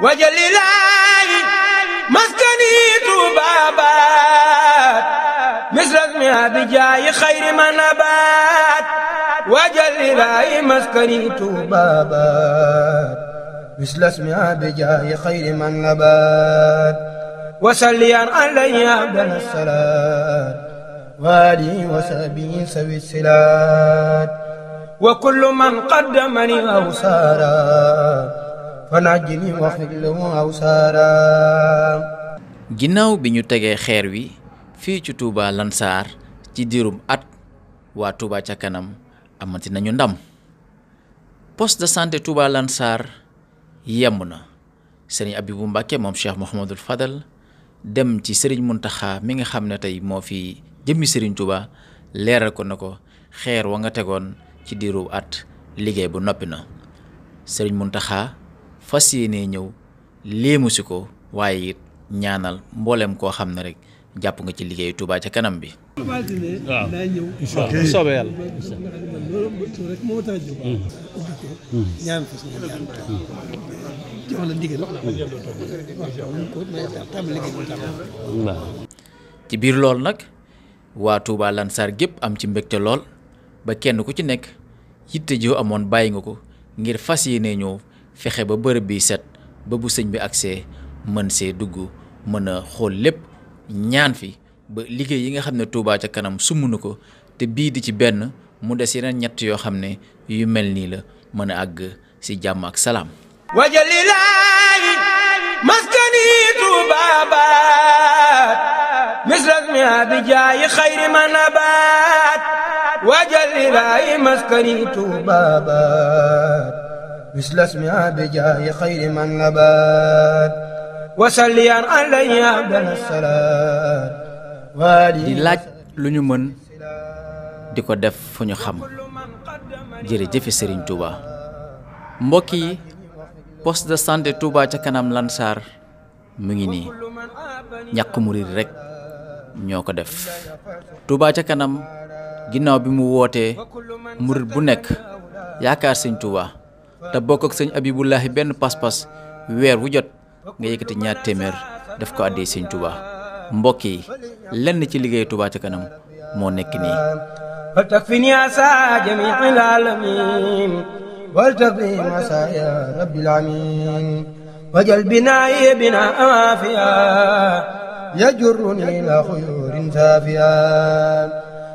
wajalilaayi maskani tubaabaat misrasmi abijaayi xayri manabaat wajalilaayi maskani tubaabaat misrasmi abijaayi xayri manabaat wasalliyan alayhi abdana salaat waalihi wa sahbihi sawi silaat wa kullu man qaddamani aw saara fanajjini waghfir lahu ginnaaw bi ñu tegee xeer wi fii ci Touba Lansar ci diirum at waa Touba ca kanam amati nañu ndam poste de santé Touba Lansar yemb na sëriñ Abibou Mbacke moom Cheikh Mouhamadul Fadal dem ci sëriñ Muntaxa mi nga xam ne tey moo fi jëmmi sëriñ Touba leeral ko na ko xeer wa nga tegoon ci diiru at liggéey bu noppi na sëriñ Muntaxa fas yéenee ñëw léemu si ko waaye it ñaanal mboolem koo xam ne rek jàpp nga ci liggéeyu Touba ca kanam bi. ci biir loolu nag waa Touba Lansar gépp am ci mbégte lool ba kenn ku ci nekk yitte joo amoon bàyyi nga ko ngir fas yéenee ñëw. fexe ba bërëb bi set ba bu sëñ bi agsee mën see dugg mën a xool lépp ñaan fi ba liggéey yi nga xam ne tuubaa ca kanam sumb na ko te bii di ci benn mu des yeneen ñett yoo xam ne yu mel nii la mën a àgg ci jàmm ak salaam wajalilaayi maskani maskani tuubaabaat مثل اسمها بجاه خير من نبات وسليا علي عبد الصلاة di laaj lu ñu mën di ko def fu ñu xam jërëjëfe Serigne Touba mbokk yi post de santé Touba ca kanam Lansar mu ngi nii ñàkk murid rekk ñoo ko def Touba ca kanam ginnaaw bi mu wootee murid bu nekk yaakaar Serigne Touba te bokk ak sëñ Abibullahi benn pas-pas weer wu jot nga yëkkati ñaar téeméer daf ko àddee sëñ Touba mbokk yi lenn ci liggéey Touba ca kanam moo nekk nii فلتكفني عسى جميع العالمين ولتقضي مسايا رب العالمين وجل بنائي بنا أوافيا يجرني إلى خيور سافيا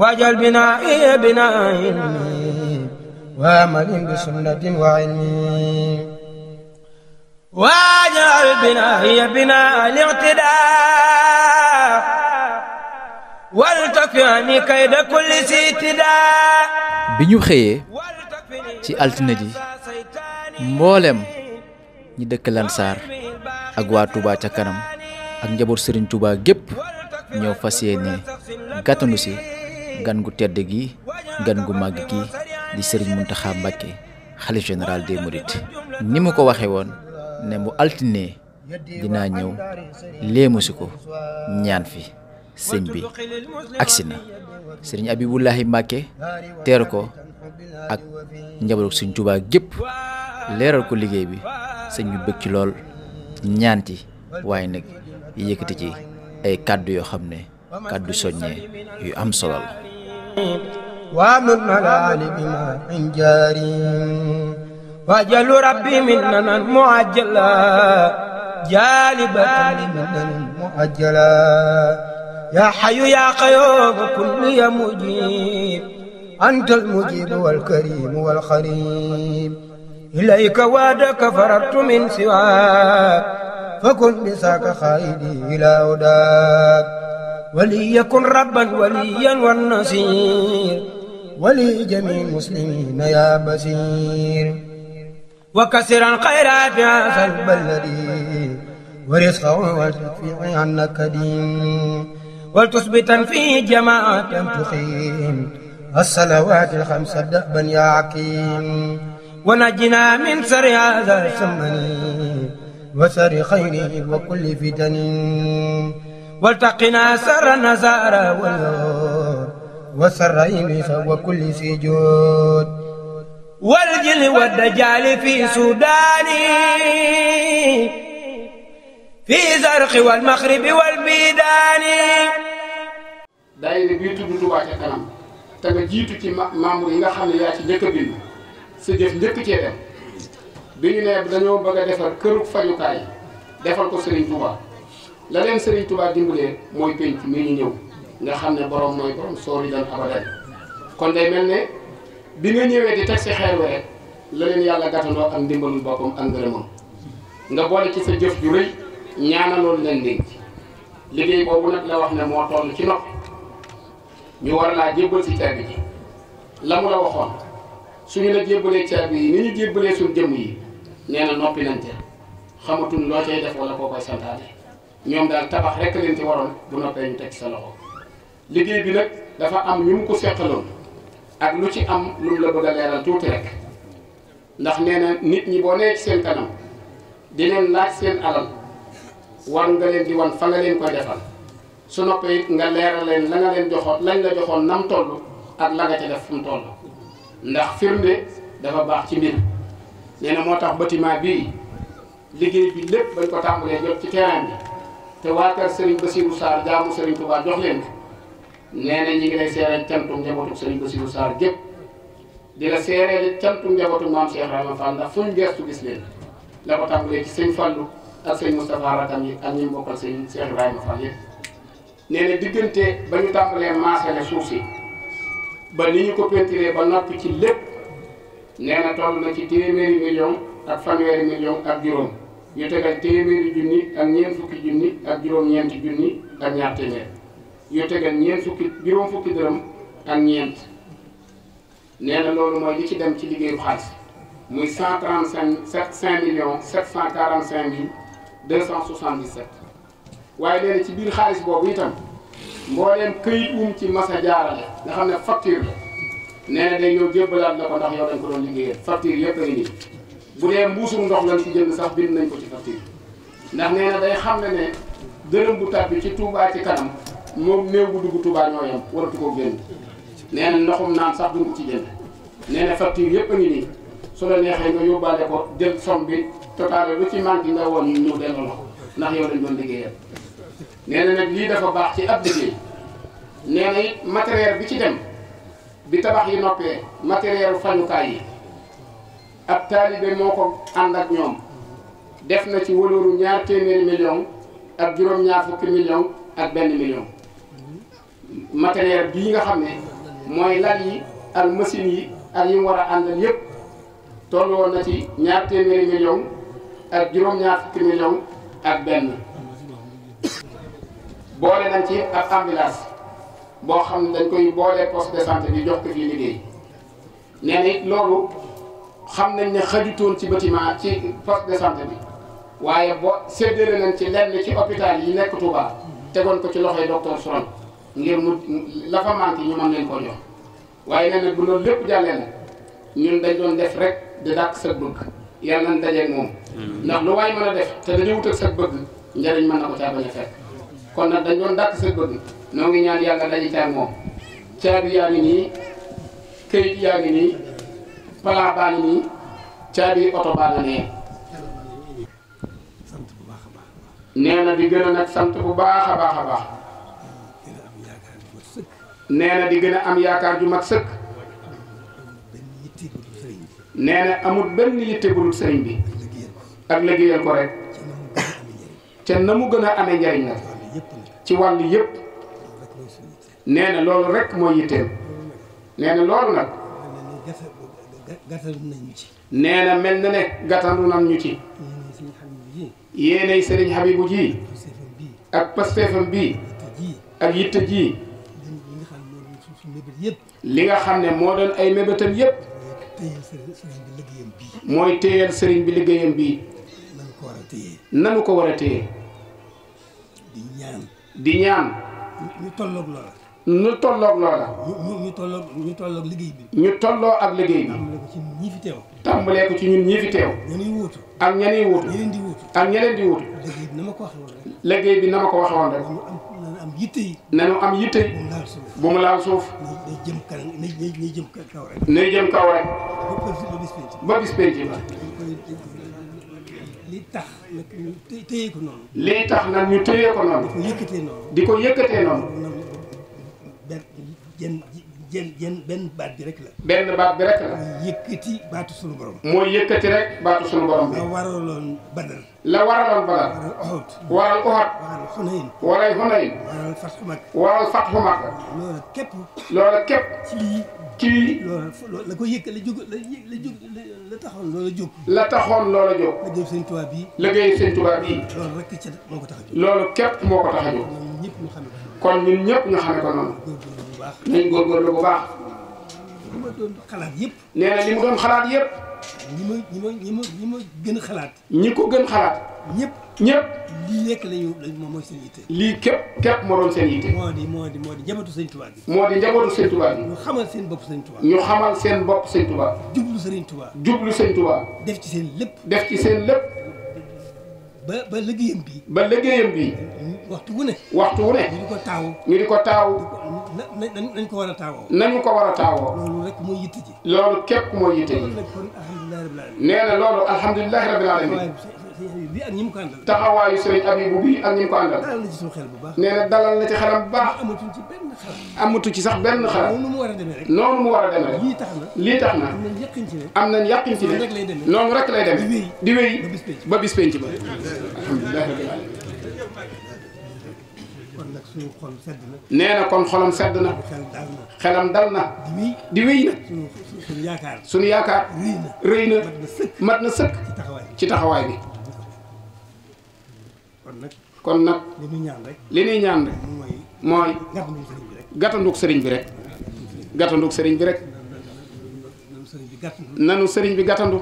وجل بنائي بنا علمين وعمل بسنة وعلم واجعل بنائي بناء الاعتداء والتف عني كيد كل ذي اعتداء bi ñu xëyee ci altine ji mboolem ñi dëkk Lansar ak waa Touba ca kanam ak njaboot sëriñ Touba gépp ñëw fas yéene gàttanu si gan gu tedd gi gan gu màgg gi di Serigne Mountakha Mbacké xalif général des murit ni mu ko waxee woon ne mu altine dinaa ñëw léemu ko ñaan fi sëñ bi agsi na Serigne Abibulahi Mbacké teeru ko ak njaboot Sëñ Tuubaa gépp leeral ko liggéey bi sëñ bi bëgg ci lool ñaan ci waaye nag yëkkati ci ay kàddu yoo xam ne kàddu soññee yu am solo la ومن ملال بما إن جارين وجل ربي مننا معجلا جالبا مننا مؤجلا يا حي يا قيوم كل يا مجيب أنت المجيب والكريم والخريب إليك وعدك فررت من سواك فكن بساك خائدي إلى هداك وليكن ربا وليا والنصير ولي جميع المسلمين يا بصير وكسر الخيرات يا صاحب الذي ورزقه والتكفي عنك دين ولتثبتا فيه جماعة تقيم الصلوات الخمس دأبا يا عكيم ونجنا من سر هذا السمن وسر خيره وكل فتن والتقنا سر نزار واليوم وسر إليس وكل سجود والجل والدجال في سوداني في زرق والمغرب والبيداني daayira bii tudd Touba ca kanam te nga jiitu ci membre yi nga xam ne yaa ci njëkk a bind sa jëf njëkk cee dem bi dañoo bëgg a defar këru fajukaay defal ko Serigne Touba la leen Serigne Touba dimbalee mooy penc mi ñu ñëw nga xam ne boroom mooy borom soori dan abadan kon day mel ne bi nga ñëwee di teg si xeer wi rek la leen yàlla gàttandoo ak ndimbalul boppam ak ngërëmam nga boole ci sa jëf ju rëy loolu leen denc liggéey boobu nag la wax ne moo toll ci nopp ñu war laa jébbal si caabi ji la mu la waxoon suñu la jébbalee caabi yi ni ñu jébbalee suñ jëmm yi nee na noppi nañ ca xamatuñ loo cay def wala koo koy santaane ñoom daal tabax rek leen ci waroon bu noppee ñu teg sa liggéey bi nag dafa am ñu mu ko seqaloon ak lu ci am lu mu la bëgg a leeral tuuti rek ndax nee na nit ñi boo nee ci seen kanam di leen laaj seen alal war nga leen di wan fa nga leen koy defal su noppee it nga leeral leen la nga leen joxoon lañ la joxoon nam toll ak la nga ca def fu mu toll ndax firnde dafa baax ci mbir nee moo tax bâtiment bii liggéey bi lépp bañ ko tàmbalee jot ci terrain bi te waa kër Serigne Bassirou Sarr jaamu Serigne Touba jox leen nee na ñi ngi lay seereel cantu njabootu Sëriñ Bassirou Sarr gépp di la seereel cantu njabootu maam Cheikh Rahma Fall ndax fuñ gestu gis leen la ko tàmbalee ci sëñ Fallou ak yi ak ñi bokkal sëñ Cheikh Ibrahima Fall yëpp. nee diggante ba ñu tàmbalee maasale suuf si ba ni ñu ko pentiree ba noppi ci lépp nee na toll na ci téeméeri million ak fanweeri million ak juróom ñu tegal téeméeri junni ak ñeenti junni ak ñaar yu tegal ñeent fukki juróom fukki dërëm ak ñeent nee na loolu mooy li ci dem ci liggéeyu xaalis muy cent trente cinq sept cinq millions sept cent quarante cinq mille cent soixante dix sept waaye nee ci biir xaalis boobu itam mbooleem këyit wum ci masa jaarale nga xam ne facture la nee na day ñëw jébbalaat la ko ndax yow dañ ko doon liggéeyal facture yëpp a ngi bu dee mbuusum ndox lañ si jënd sax bind nañ ko ci facture ndax nee na day xam ne ne dërëm bu tàbbi ci Touba ci kanam moom néew bu dugg Touba ñoo yem waratu koo génn nee na ndoxum naan sax duñ ko ci jënd nee na facture yëpp a ngi nii su la neexee nga yóbbaale ko jël somme bi total lu ci manqué nga woon ñu delloo la ko ndax yow dañ doon liggéeyal. nee na nag lii dafa baax ci ab liggéey nee na it bi ci dem bi tabax yi noppee matériel fañukaay yi ab taalibe moo ko ànd ak ñoom def na ci wëlooru ñaar téeméeri million ak juróom-ñaar fukki million ak benn million. matériel bii nga xam ne mooy lal yi ak masin yi ak yi war a àndal yëpp tollu woon na ci ñaar téeméeri million ak juróom-ñaar fukki ak benn boole nañ ci ab ambulance boo xam ne dañ koy boole poste de santé bi jox ko fii liggéey nee na loolu xam nañ ne xajutoon ci bâtiment ci poste de santé bi waaye boo séddale nañ ci lenn ci hôpital yi nekk Touba tegoon ko ci loxoy docteur Soron ngir mu la fa manqué ñu mën leen waaye nee na bu loolu lépp jàllee na ñun dañ doon def rek di dàq sa bëgg yàlla nañ dajeeg moom. ndax lu waay a def te dañuy wut ak sa bëgg na ko kon nag dañ doon dàq sa ngi ñaan yàlla daje ca ak moom caabi yaa ngi nii këyit yaa ngi nii palaa nii caabi oto baa nga nee. nee na di nag sant bu baax a baax a baax. nee di gën a am yaakaar ju mag sëkk nee na amul benn yitte bu dul sëriñ bi ak liggéeyal ko rek ca na mu gën a amee njariñ ci wàll yépp nee na loolu rekk mooy yitteem nee na loolu nag nee na mel na ne gàttandu nañ ñu ci yéenay sëriñ Habibu ji ak pasteefam bii ak yitte ji li nga xam ne moo doon ay mébétam yépp mooy téyal sëriñ bi liggéeyam bii nanu ko war di ñaan ñu tolloog loola ñu tolloog loola ñu tolloog ñu liggéey bi ñu tolloo ak liggéey bi tàmbalee ko ci ñun ñii fi teew ak ña nuy wuutu ak ña leen bi na ma ko waxe woon rek am yitte yi. nañu am yitte yi. bu mu laal suuf bu mu laal jëm kanam nay jëm kaw ba bis penc ba bis penc li tax nag ñu téye ko noonu. li tax nag ñu téye ko noonu. di ko yëkkatee noonu. di ko yëkkatee noonu. benn jën jën benn baat bi rek la. benn baat bi rek la. mooy yëkkati baatu sunu borom. mooy yëkkati rek baatu sunu borom. la waraloon badal. la waraloon badal. waral Uhud. waral Uhud. waral Xunayn. waral Xunayn. waral Fatxu Makka. waral Fatxu Makka. loola képp. loola képp. ci ci. loola la ko yëkk la jóg la jóg la taxoon loola jóg. la taxoon loola jóg. liggéey sëñ Tuubaa loolu rek moo ko tax a jóg. loolu képp ñu xam ko kon ñun ñëpp ñu xam ko noonu. baax nañ góorgóorlu bu baax. li ma doon xalaat yëpp. nee na li mu doon xalaat yëpp. ñi ma ñi ma ñi ma ñi ma gën xalaat. ñi ko gën xalaat. ñëpp ñëpp. lii lekk lañu moom mooy seen yitte. lii képp képp moo doon seen yitte. moo di moo di moo di njabootu sëñ Tuubaa bi. moo di njabootu sëñ Tuubaa bi. ñu xamal seen bopp sëñ Tuubaa. xamal seen bopp sëñ Tuubaa. jublu sëriñ Tuubaa. jublu sëñ Tuubaa. def ci seen lépp. def ci seen lépp. ba ba liggéeyam bi. ba liggéeyam bi. waxtu wu ne. waxtu wu ne. ko taaw. ñu di ko taaw. nañ ko war a taawoo. nañu ko war a taawoo. loolu rek mooy yitte ji. loolu képp mooy yitte ji. nee na loolu alhamdulilah rabil alamin. bi taxawaayu sëriñ Abibu bi ak ñi mu ko àndal. dalal na ci bu baax. nee na dalal na ci xelam bu baax. amatu ci amatu ci sax benn xalaat. noonu mu war a demee noonu mu war a lii tax na lii tax na. am nañ yàqin ci ne. am nañ yàqin ci ne. noonu rek lay demee. noonu rek di wéy di ba bis penc ba. alhamdulilah suñu xol sedd na. nee na kon xolom sedd na. xelam dal na. na. di wéy di wéy yaakaar. suñu yaakaar. rëy na mat na sëkk. ci taxawaay bi ci kon nag. kon nag. li ñuy ñaan rek. li ñuy ñaan rek. mooy. gàttanduk sëriñ bi rek. sëriñ bi rek. nanu sëriñ bi gàttandu.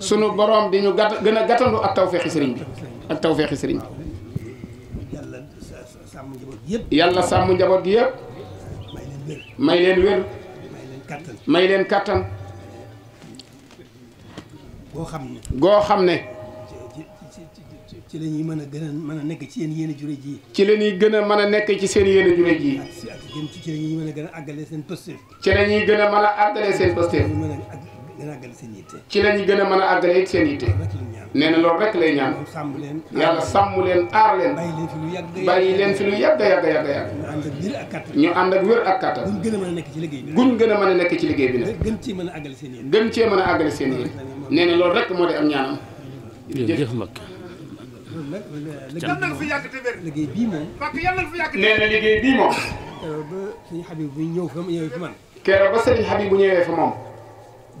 sunu borom di ñu gàtt gën a gàttandu ak tawféexi sëriñ bi ak tawféexi sëriñ bi. yëpp yàlla sàmm njaboot gi yëpp may leen wér may leen wér may leen kattan may leen kattan goo xam ne goo xam ne ci la ñuy mën a gën a mën a nekk ci seen yéene jure ji ci la ñuy gën a mën a nekk ci seen yéene jure ji ci la ñuy mën a gën àggale seen posture ci la ñuy gën a mën a àggale seen posture ci la ñuy gën a mën a àggale seen yitte nee na loolu rek lay ñaan. yàlla sàmm leen aar leen. bàyyi leen fi lu yàgg yàgg yàgg yàgg. ñu ànd ak wér ak kàttan. guñ gën a mën a nekk ci liggéey bi. guñ gën a mën a nekk ci liggéey bi nag. gën cee mën a àggali seen yéen. gën mën a àggali seen yéen. nee na loolu rek moo di am ñaanam. jërëjëf Mbacke. liggéey bii moom. nee na liggéey bii moom. keroog ba sëriñ Habib bu ñëwee fa moom.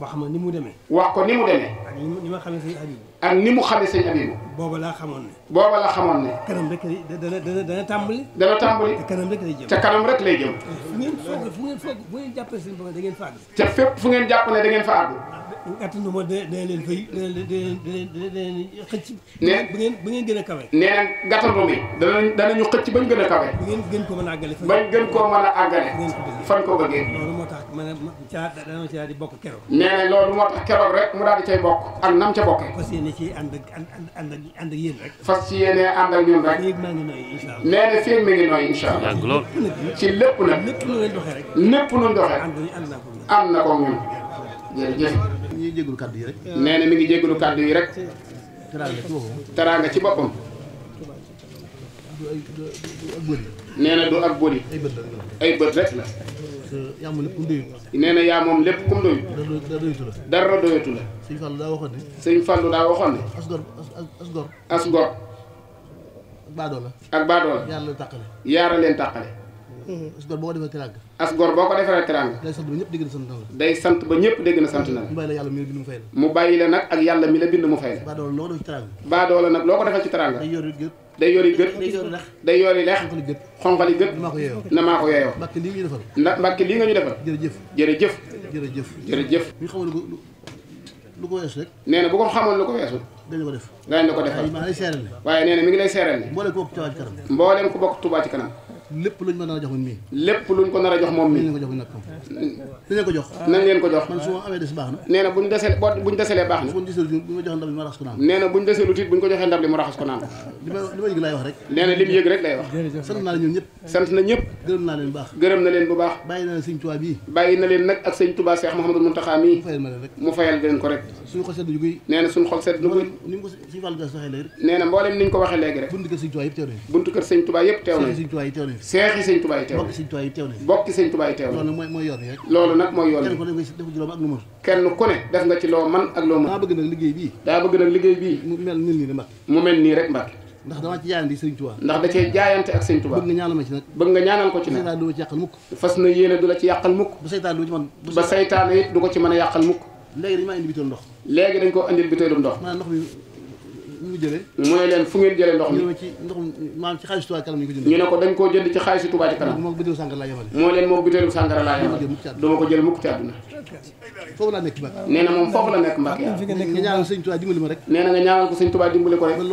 wax ma ni mu demee. wax ko ni mu demee. ak ni ma xamee sëriñ Habib. ak ni mu xamee sëñ Abibu. booba laa xamoon ne. booba laa xamoon ne. kanam rek dana dana dana tàmbali. dana tàmbali te kanam rek lay jëm. te kanam rek lay jëm. fu ngeen da ngeen fa àgg. te fépp fu ngeen jàpp ne da ngeen fa àgg. attanu ma dana leen fay dana leen dana leen xëcc. nee ba ngeen ba ngeen gën a kawe. nee na gàttandu mi danañ danañu xëcc bañ gën a kawe. ba ngeen gën ko mën a àggale. bañ gën koo mën a àggale. fan ko bëggee mën a ca dana ca daal di bokk keroog. nee na loolu moo tax keroog rek mu daal di cay bokk ak nam ca bokkee. fas yéene ci ànd ak ànd ak ànd ak yéen rek. fas yéene ànd ak ñun rek. maa ngi nooy incha allah. nee na fii mi ngi nooy incha allah. yàgg lool ci lépp nag. lépp lu ngeen doxee rek. lépp lu ñu doxee. ànd na ko ñun. jërëjëf. mi ngi jégalu kàddu yi rek. nee na mi ngi jégalu kàddu yi rek. teraanga ci boppam. teraanga ci boppam. nee na du ak bëri. ay bët rek la. yaa moom lépp kum doyut nee na yaa moom lépp kum doyut dara doyutu la dara doyutu la sëñ Fallou daa waxoon ne sëñ Fallou daa waxoon ne as gor as gor as gor ak la ak baadoo leen tàqale yaara leen tàqale as gor boo ko defee teraanga as boo ko defee teraanga day sant ba ñëpp dégg na sant na la day sant ba ñëpp dégg na sant na la mu bàyyi la yàlla mi la bind mu fay la mu bàyyi la nag ak yàlla mi la bind mu fay la baadoo la loo ko defee ci teraanga baadoo la nag loo ko defee ci teraanga day yori gët day yori lex xonqali gët na maa ko yeyoo mbàkke lii nga ñu defal ndax mbàkke lii nga ñu defal jërëjëf jëf jërëjëf jërëjëf bu ñu xamoon lu ko weesu rek nee na bu ko xamoon lu ko weesu dañu ko def daañu la ko defal waaye nee mu ngi lay seeral ne mboolem ku bokk Touba ci kanam lépp luñ ko nar a jox moom mii lépp luñ ko nar a jox moom mii nañ leen ko jox nañ leen ko jox man su ma amee des baax na nee na buñ desee boo buñ deselee baax na buñ deseelu buñ ko joxee ma li ma ni ñu ko waxee léegi rek buntu kër sëñ Tuubaa yëpp teew nañ buntu kër sëñ teew nañ seexi sëñ Tuubaa yi teew bokki sëñ Tuubaa yi teew nañ bokki sëñ Tuubaa yi teew loolu nag mooy mooy yoon rek loolu nag mooy yoon kenn ku ne def ci loo man ak loo mën kenn ku ne def nga ci loo man ak loo mën daa bëgg nag liggéey bii daa bëgg nag liggéey bii mu mel nii rek Mbàkke mu mel nii rek Mbàkke ndax dama ci jaayante sëñ Tuubaa ndax da cee jaayante ak sëñ Tuubaa bëgg nga ñaanal ma ci nag bëgg nga ñaanal ko ci nag seytaan du ma ci yàqal mukk fas na yéene du la ci yàqal mukk ba seytaan du ci man ba seytaan it du ko ci mën a yàqal mukk léegi dañ maa indi bitéelu ndox léegi dañ ko indil bitéelu ndox ñu mu ne leen fu ngeen jëlee ndox mi ci ndox maanaam ci xaalisu Touba Ca Kanam ñu ñu ne ko dañ koo jënd ci xaalisu Touba Ca Kanam moo na moom foofu la nekk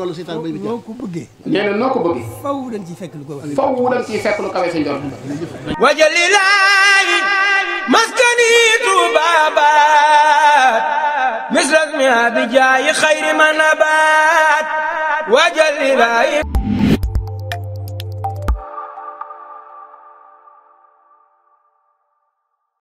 Mbacke nga noo ko bëggee nee na noo ko fekk lu ko sa njort wajalilaay maskani Touba misras mi abi jaayi xayri ma nabaat wajal ilaahi